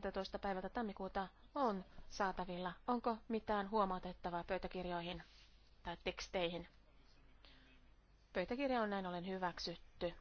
14. päivältä tammikuuta on saatavilla. Onko mitään huomautettavaa pöytäkirjoihin tai teksteihin? Pöytäkirja on näin ollen hyväksytty.